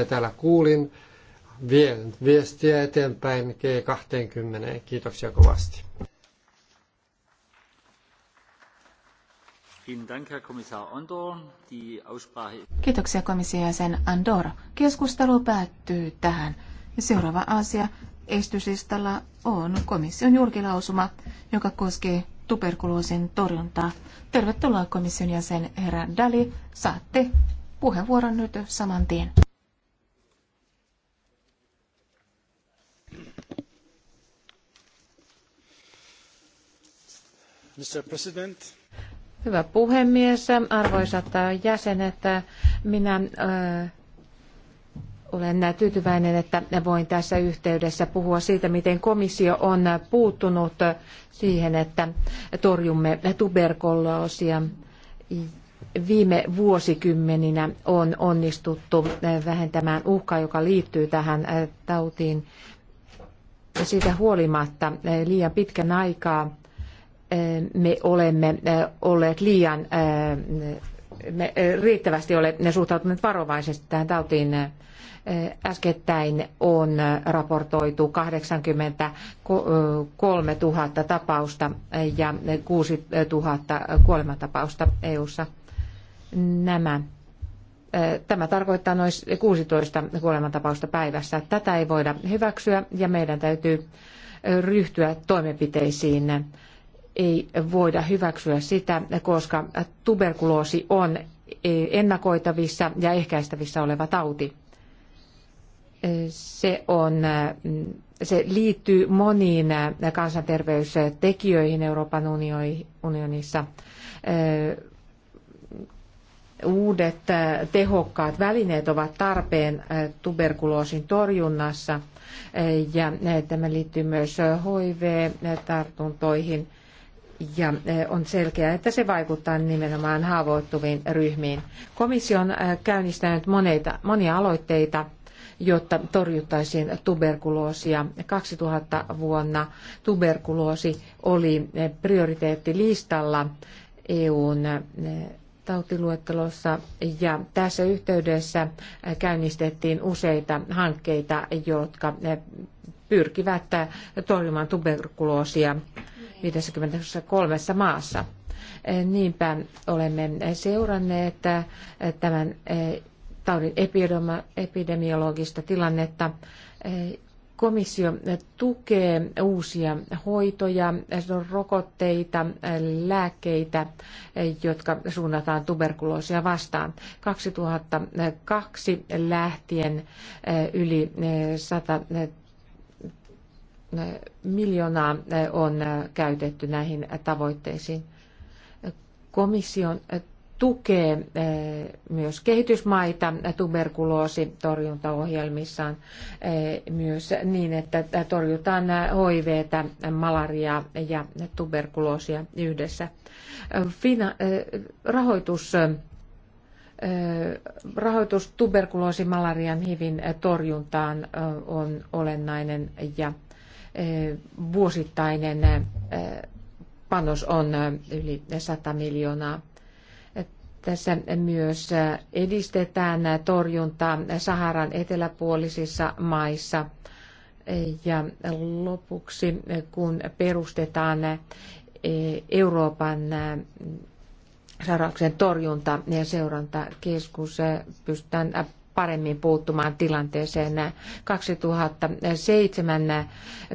että täällä kuulin. Vien viestiä eteenpäin G20. Kiitoksia kovasti. Kiitoksia komission jäsen Andor. Keskustelu päättyy tähän. Seuraava asia estyslistalla on komission julkilausuma, joka koskee tuberkuloosin torjuntaa. Tervetuloa komission jäsen herra Dali. Saatte puheenvuoron nyt saman tien. Mr. Hyvä puhemies, arvoisat jäsenet, minä äh, olen tyytyväinen, että voin tässä yhteydessä puhua siitä, miten komissio on puuttunut siihen, että torjumme tuberkuloosia. Viime vuosikymmeninä on onnistuttu äh, vähentämään uhkaa, joka liittyy tähän äh, tautiin. Siitä huolimatta liian pitkän aikaa me olemme olleet liian, me riittävästi ole suhtautuneet varovaisesti tähän tautiin. Äskettäin on raportoitu 83 000 tapausta ja 6 000 kuolematapausta EU-ssa. Nämä Tämä tarkoittaa noin 16 kuolemantapausta päivässä. Tätä ei voida hyväksyä ja meidän täytyy ryhtyä toimenpiteisiin ei voida hyväksyä sitä, koska tuberkuloosi on e, ennakoitavissa ja ehkäistävissä oleva tauti. E, se, on, mm, se liittyy moniin kansanterveystekijöihin Euroopan unionissa. E, uudet tehokkaat välineet ovat tarpeen tuberkuloosin torjunnassa ja tämä liittyy myös HIV-tartuntoihin ja e, on selkeää, että se vaikuttaa nimenomaan haavoittuviin ryhmiin. Komissio on e, käynnistänyt moneita, monia aloitteita, jotta torjuttaisiin tuberkuloosia. 2000 vuonna tuberkuloosi oli e, prioriteettilistalla EUn tautiluettelossa ja tässä yhteydessä käynnistettiin useita hankkeita, jotka pyrkivät torjumaan tuberkuloosia 53 maassa. Eh, niinpä olemme seuranneet eh, tämän eh, taudin epidemiologista tilannetta. Komissio tukee uusia hoitoja, rokotteita, lääkkeitä, jotka suunnataan tuberkuloosia vastaan. 2002 lähtien yli 100 miljoonaa on käytetty näihin tavoitteisiin. Komission tukee myös kehitysmaita tuberkuloositorjuntaohjelmissaan myös niin, että torjutaan HIV, malaria ja tuberkuloosia yhdessä. Fina, rahoitus rahoitus tuberkuloosi, malarian, hivin torjuntaan on olennainen ja vuosittainen panos on yli 100 miljoonaa. Tässä myös edistetään torjuntaa Saharan eteläpuolisissa maissa. Ja lopuksi, kun perustetaan Euroopan sairauksien torjunta- ja seurantakeskus, pystytään paremmin puuttumaan tilanteeseen. 2007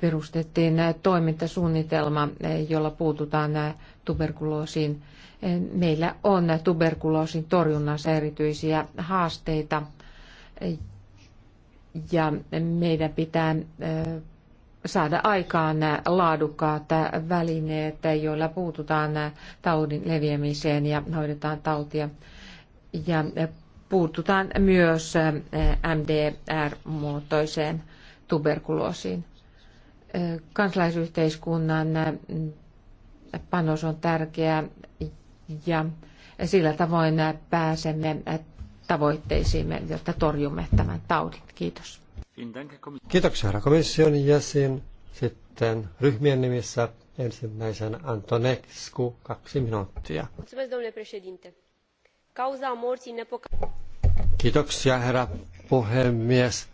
perustettiin toimintasuunnitelma, jolla puututaan tuberkuloosiin. Meillä on tuberkuloosin torjunnassa erityisiä haasteita ja meidän pitää saada aikaan laadukkaat välineet, joilla puututaan taudin leviämiseen ja hoidetaan tautia. Ja puututaan myös MDR-muotoiseen tuberkuloosiin. Kansalaisyhteiskunnan panos on tärkeä ja sillä tavoin pääsemme tavoitteisiimme, jotta torjumme tämän taudin. Kiitos. Kiitoksia, herra komission jäsen. Sitten ryhmien nimissä ensimmäisen Antonescu, kaksi minuuttia. Mulțumesc, Cauza morții nepocăită. Kiitoksia, herra puhemies.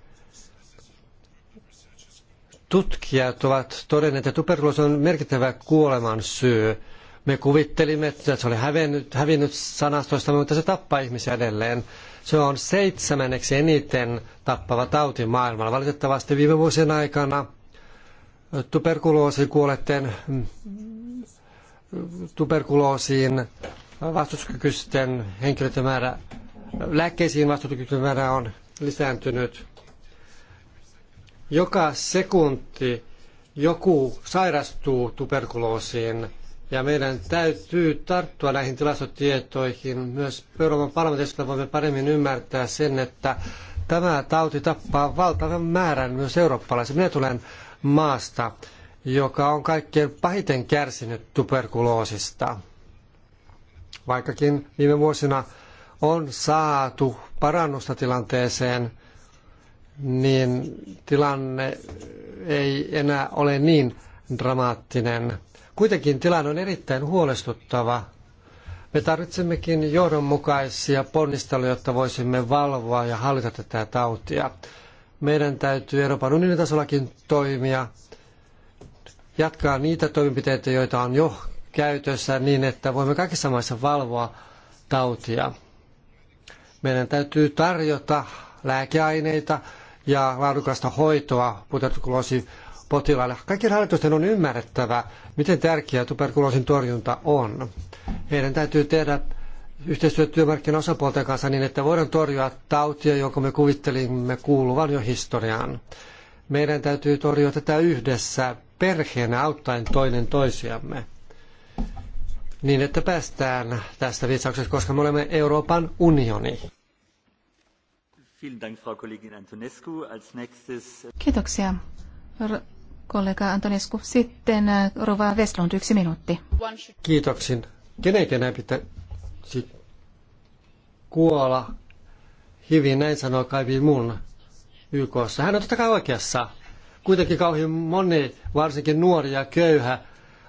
Tutkijat ovat todenneet, että tuberkuloosi on merkittävä kuoleman syy. Me kuvittelimme, että se oli hävinnyt, hävinnyt sanastoista, mutta se tappaa ihmisiä edelleen. Se on seitsemänneksi eniten tappava tauti maailmalla. Valitettavasti viime vuosien aikana tuberkuloosikuoleiden mm, tuberkuloosiin vastustuskykyisten henkilöiden määrä, lääkkeisiin vastustuskykyisten määrä on lisääntynyt. Joka sekunti joku sairastuu tuberkuloosiin ja meidän täytyy tarttua näihin tilastotietoihin. Myös Euroopan parlamentista voimme paremmin ymmärtää sen, että tämä tauti tappaa valtavan määrän myös eurooppalaisia. Minä tulen maasta, joka on kaikkein pahiten kärsinyt tuberkuloosista. Vaikkakin viime vuosina on saatu parannusta tilanteeseen, niin tilanne ei enää ole niin dramaattinen. Kuitenkin tilanne on erittäin huolestuttava. Me tarvitsemmekin johdonmukaisia ponnisteluja, jotta voisimme valvoa ja hallita tätä tautia. Meidän täytyy Euroopan unionin tasollakin toimia, jatkaa niitä toimenpiteitä, joita on jo käytössä niin, että voimme kaikissa maissa valvoa tautia. Meidän täytyy tarjota lääkeaineita ja laadukasta hoitoa tuberkuloosi potilaille. Kaikkien hallitusten on ymmärrettävä, miten tärkeää tuberkuloosin torjunta on. Heidän täytyy tehdä yhteistyötä työmarkkinaosapuolten kanssa niin, että voidaan torjua tautia, jonka me kuvittelimme kuuluvan jo historiaan. Meidän täytyy torjua tätä yhdessä perheenä auttaen toinen toisiamme niin että päästään tästä vitsauksesta, koska me olemme Euroopan unioni. Kiitoksia, kollega Antonescu. Sitten äh, Rova Westlund, yksi minuutti. Kiitoksin. Kenen keneen pitää kuolla hyvin, näin sanoo Kaivi mun YKssa. Hän on totta kai oikeassa. Kuitenkin kauhean moni, varsinkin nuori ja köyhä,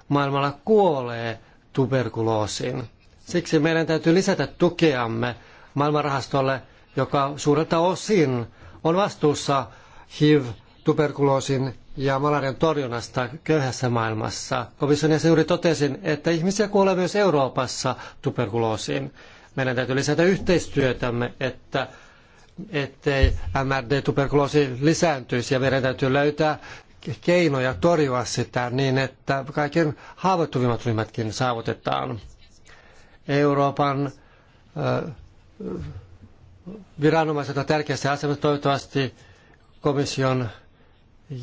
maailmalla kuolee – tuberkuloosiin. Siksi meidän täytyy lisätä tukeamme maailmanrahastolle, joka suurelta osin on vastuussa HIV, tuberkuloosin ja malarian torjunnasta köyhässä maailmassa. Komission jäsen juuri totesin, että ihmisiä kuolee myös Euroopassa tuberkuloosiin. Meidän täytyy lisätä yhteistyötämme, että ettei MRD-tuberkuloosi lisääntyisi ja meidän täytyy löytää keinoja torjua sitä niin, että kaiken haavoittuvimmat ryhmätkin saavutetaan. Euroopan viranomaiset ovat tärkeässä asemassa. Toivottavasti komission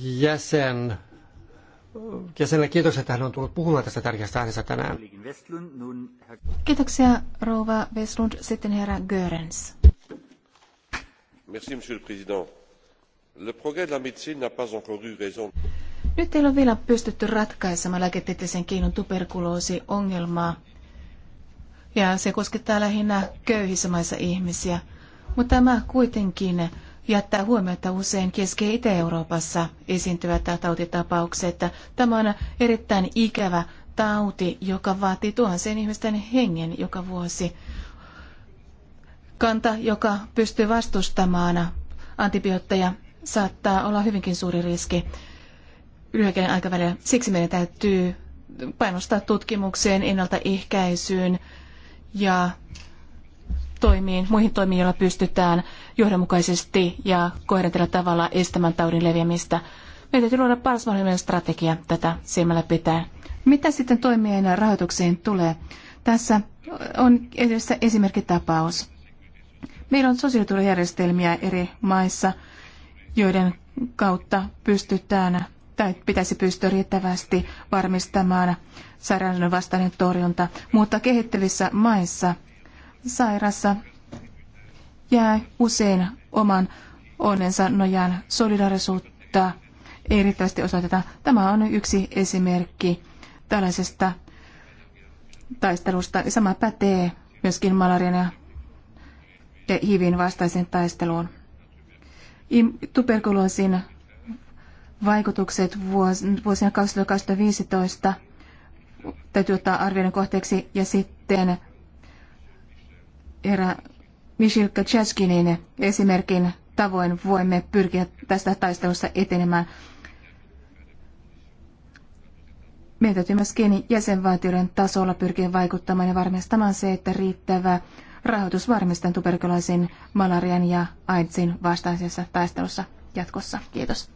jäsen jäsenelle kiitokset, että hän on tullut puhumaan tästä tärkeästä aiheesta tänään. Kiitoksia rouva Westlund. Sitten herra Görens. Merci, monsieur le président nyt ei ole vielä pystytty ratkaisemaan lääketieteellisen keinon tuberkuloosiongelmaa. Ja se koskettaa lähinnä köyhissä maissa ihmisiä. Mutta tämä kuitenkin jättää huomiota usein Keski- ja Itä-Euroopassa esiintyvät tautitapaukset. Tämä on erittäin ikävä tauti, joka vaatii tuhansien ihmisten hengen joka vuosi. Kanta, joka pystyy vastustamaan antibiootteja saattaa olla hyvinkin suuri riski lyhykäinen aikavälillä. Siksi meidän täytyy painostaa tutkimukseen, ennaltaehkäisyyn ja toimiin, muihin toimiin, joilla pystytään johdonmukaisesti ja kohdentella tavalla estämään taudin leviämistä. Meidän täytyy luoda paras mahdollinen strategia tätä silmällä pitää. Mitä sitten toimien rahoitukseen tulee? Tässä on edessä esimerkkitapaus. Meillä on sosiaaliturvajärjestelmiä eri maissa – joiden kautta pystytään tai pitäisi pystyä riittävästi varmistamaan sairauden vastainen torjunta. Mutta kehittyvissä maissa sairassa jää usein oman onnensa nojaan solidarisuutta ei riittävästi osoiteta. Tämä on yksi esimerkki tällaisesta taistelusta. Sama pätee myöskin malarian ja HIVin vastaiseen taisteluun tuberkuloosin vaikutukset vuosina 2015 täytyy ottaa arvioiden kohteeksi ja sitten erä Michel Kaczynskinin esimerkin tavoin voimme pyrkiä tästä taistelussa etenemään. Meidän täytyy myöskin jäsenvaltioiden tasolla pyrkiä vaikuttamaan ja varmistamaan se, että riittävä rahoitus varmistan tuberkuloosin, malarian ja AIDSin vastaisessa taistelussa jatkossa. Kiitos.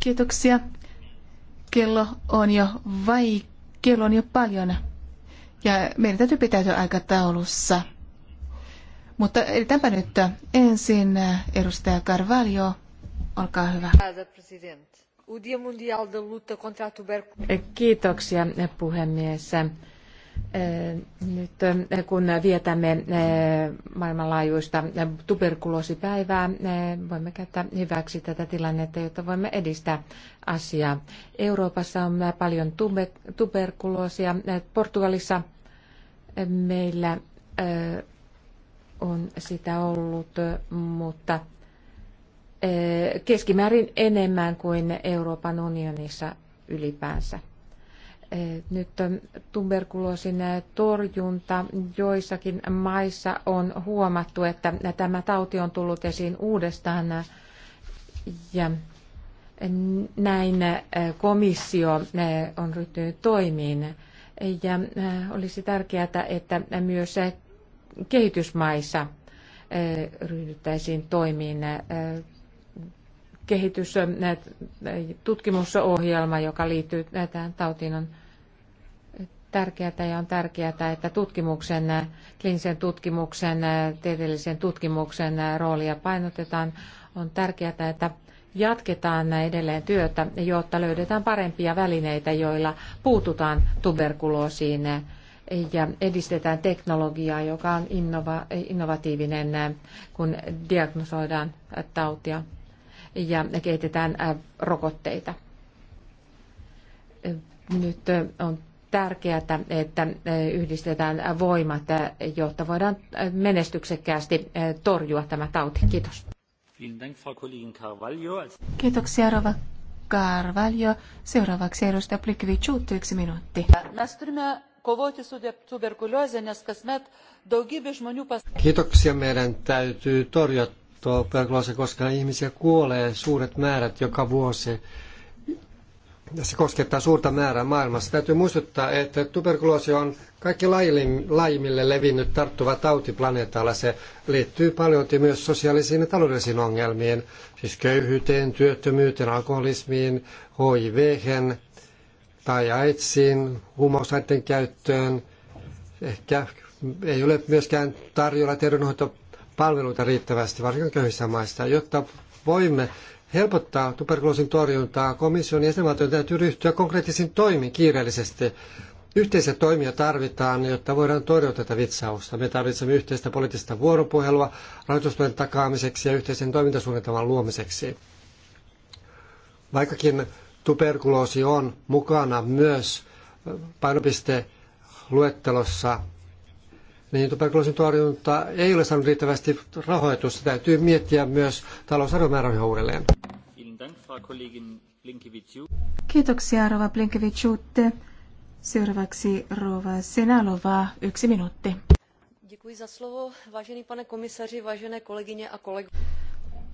Kiitoksia. Kello on jo vai... Kello on jo paljon. Ja meidän täytyy pitäytyä aikataulussa. Mutta yritäänpä nyt ensin edustaja Carvalho. Olkaa hyvä. Kiitoksia puhemies. Nyt kun vietämme maailmanlaajuista tuberkuloosipäivää, voimme käyttää hyväksi tätä tilannetta, jotta voimme edistää asiaa. Euroopassa on paljon tuberkuloosia. Portugalissa meillä on sitä ollut, mutta keskimäärin enemmän kuin Euroopan unionissa ylipäänsä. Nyt tuberkuloosin torjunta joissakin maissa on huomattu, että tämä tauti on tullut esiin uudestaan ja näin komissio on ryhtynyt toimiin. Ja olisi tärkeää, että myös kehitysmaissa ryhdyttäisiin toimiin kehitys, tutkimusohjelma, joka liittyy tähän tautiin, on tärkeää ja on tärkeää, että tutkimuksen, kliinisen tutkimuksen, tieteellisen tutkimuksen roolia painotetaan. On tärkeää, että jatketaan edelleen työtä, jotta löydetään parempia välineitä, joilla puututaan tuberkuloosiin ja edistetään teknologiaa, joka on innova, innovatiivinen, kun diagnosoidaan tautia ja kehitetään äh, rokotteita. Nyt äh, on tärkeää, että äh, yhdistetään voimat, jotta voidaan menestyksekkäästi torjua tämä tauti. Kiitos. Kiitoksia, Rova Carvalho. Seuraavaksi edustaja Plikvičiūtė, yksi minuutti. Kiitoksia. Meidän täytyy torjua tuberkuloosi koska ihmisiä kuolee suuret määrät joka vuosi. Ja se koskettaa suurta määrää maailmassa. Täytyy muistuttaa, että tuberkuloosi on kaikki laimille levinnyt tarttuva tauti planeetalla. Se liittyy paljon myös sosiaalisiin ja taloudellisiin ongelmiin, siis köyhyyteen, työttömyyteen, alkoholismiin, hiv tai AIDSiin, huumausaiden käyttöön. Ehkä ei ole myöskään tarjolla terveydenhoitopalveluja palveluita riittävästi, varsinkin köyhissä maissa, jotta voimme helpottaa tuberkuloosin torjuntaa. Komission jäsenvaltion täytyy ryhtyä konkreettisiin toimiin kiireellisesti. Yhteisiä toimia tarvitaan, jotta voidaan torjua tätä vitsausta. Me tarvitsemme yhteistä poliittista vuoropuhelua rahoitustuen takaamiseksi ja yhteisen toimintasuunnitelman luomiseksi. Vaikkakin tuberkuloosi on mukana myös painopiste luettelossa niin tuberkuloosin tota, torjunta ei ole saanut riittävästi rahoitusta. Täytyy miettiä myös talousarvomäärärahoja uudelleen. Kiitoksia, Rova Blinkevichutte. Seuraavaksi Rova Senalova, yksi minuutti. za slovo, vážený pane komisaři, vážené kolegyně a kolegy.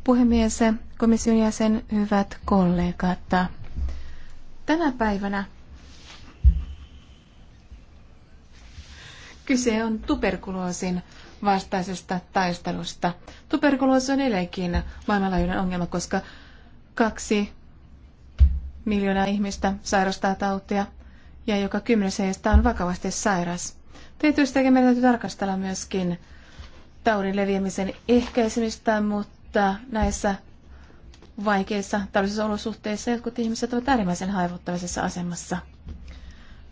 Puhemies, komission jäsen, hyvät kollegat. Tänä päivänä Kyse on tuberkuloosin vastaisesta taistelusta. Tuberkuloosi on edelleenkin maailmanlaajuinen ongelma, koska kaksi miljoonaa ihmistä sairastaa tautia ja joka kymmenes heistä on vakavasti sairas. Tietysti meidän täytyy tarkastella myöskin taudin leviämisen ehkäisemistä, mutta näissä vaikeissa taloudellisissa olosuhteissa jotkut ihmiset ovat äärimmäisen haivottavaisessa asemassa.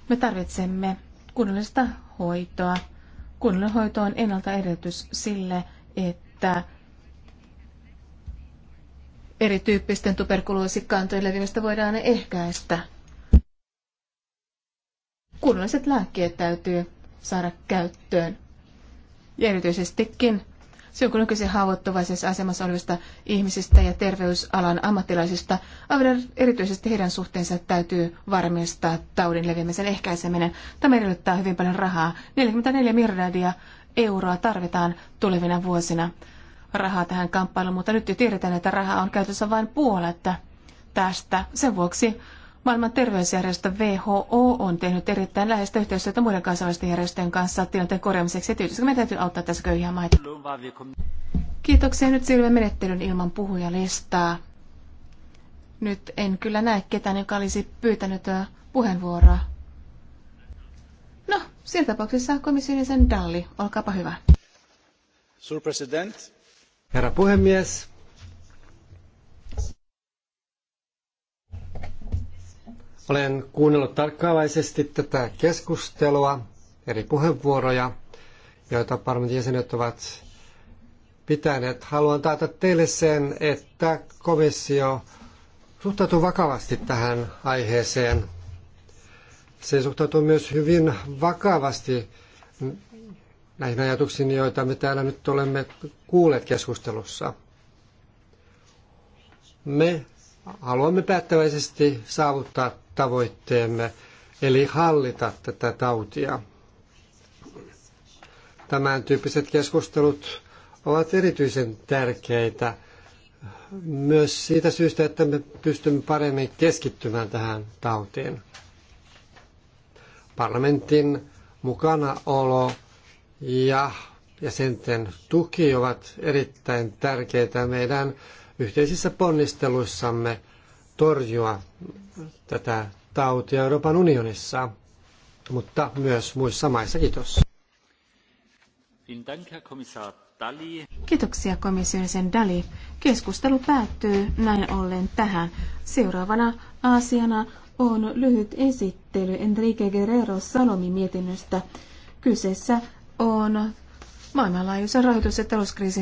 Me tarvitsemme kunnollista hoitoa. Kunnollinen hoito on ennalta edellytys sille, että erityyppisten tuberkuloosikantojen leviämistä voidaan ehkäistä. Kunnolliset lääkkeet täytyy saada käyttöön. Ja erityisestikin Silloin kun on kyse haavoittuvaisessa asemassa olevista ihmisistä ja terveysalan ammattilaisista, aivan erityisesti heidän suhteensa täytyy varmistaa taudin leviämisen ehkäiseminen. Tämä edellyttää hyvin paljon rahaa. 44 miljardia euroa tarvitaan tulevina vuosina rahaa tähän kamppailuun, mutta nyt jo tiedetään, että rahaa on käytössä vain puolet tästä. Sen vuoksi Maailman terveysjärjestö WHO on tehnyt erittäin läheistä yhteistyötä muiden kansainvälisten järjestöjen kanssa tilanteen korjaamiseksi. Tietysti meidän täytyy auttaa tässä köyhiä maita. Kiitoksia. Nyt siirrymme menettelyn ilman puhujalistaa. Nyt en kyllä näe ketään, joka olisi pyytänyt äh, puheenvuoroa. No, siinä tapauksessa komission jäsen Dalli, olkaapa hyvä. Herra puhemies, Olen kuunnellut tarkkaavaisesti tätä keskustelua, eri puheenvuoroja, joita parlamentin jäsenet ovat pitäneet. Haluan taata teille sen, että komissio suhtautuu vakavasti tähän aiheeseen. Se suhtautuu myös hyvin vakavasti näihin ajatuksiin, joita me täällä nyt olemme kuulleet keskustelussa. Me haluamme päättäväisesti saavuttaa tavoitteemme, eli hallita tätä tautia. Tämän tyyppiset keskustelut ovat erityisen tärkeitä myös siitä syystä, että me pystymme paremmin keskittymään tähän tautiin. Parlamentin mukanaolo ja jäsenten tuki ovat erittäin tärkeitä meidän yhteisissä ponnisteluissamme – torjua tätä tautia Euroopan unionissa, mutta myös muissa maissa. Kiitos. Kiitoksia komission sen Dali. Keskustelu päättyy näin ollen tähän. Seuraavana asiana on lyhyt esittely Enrique Guerrero Salomi mietinnöstä. Kyseessä on maailmanlaajuisen rahoitus- ja talouskriisin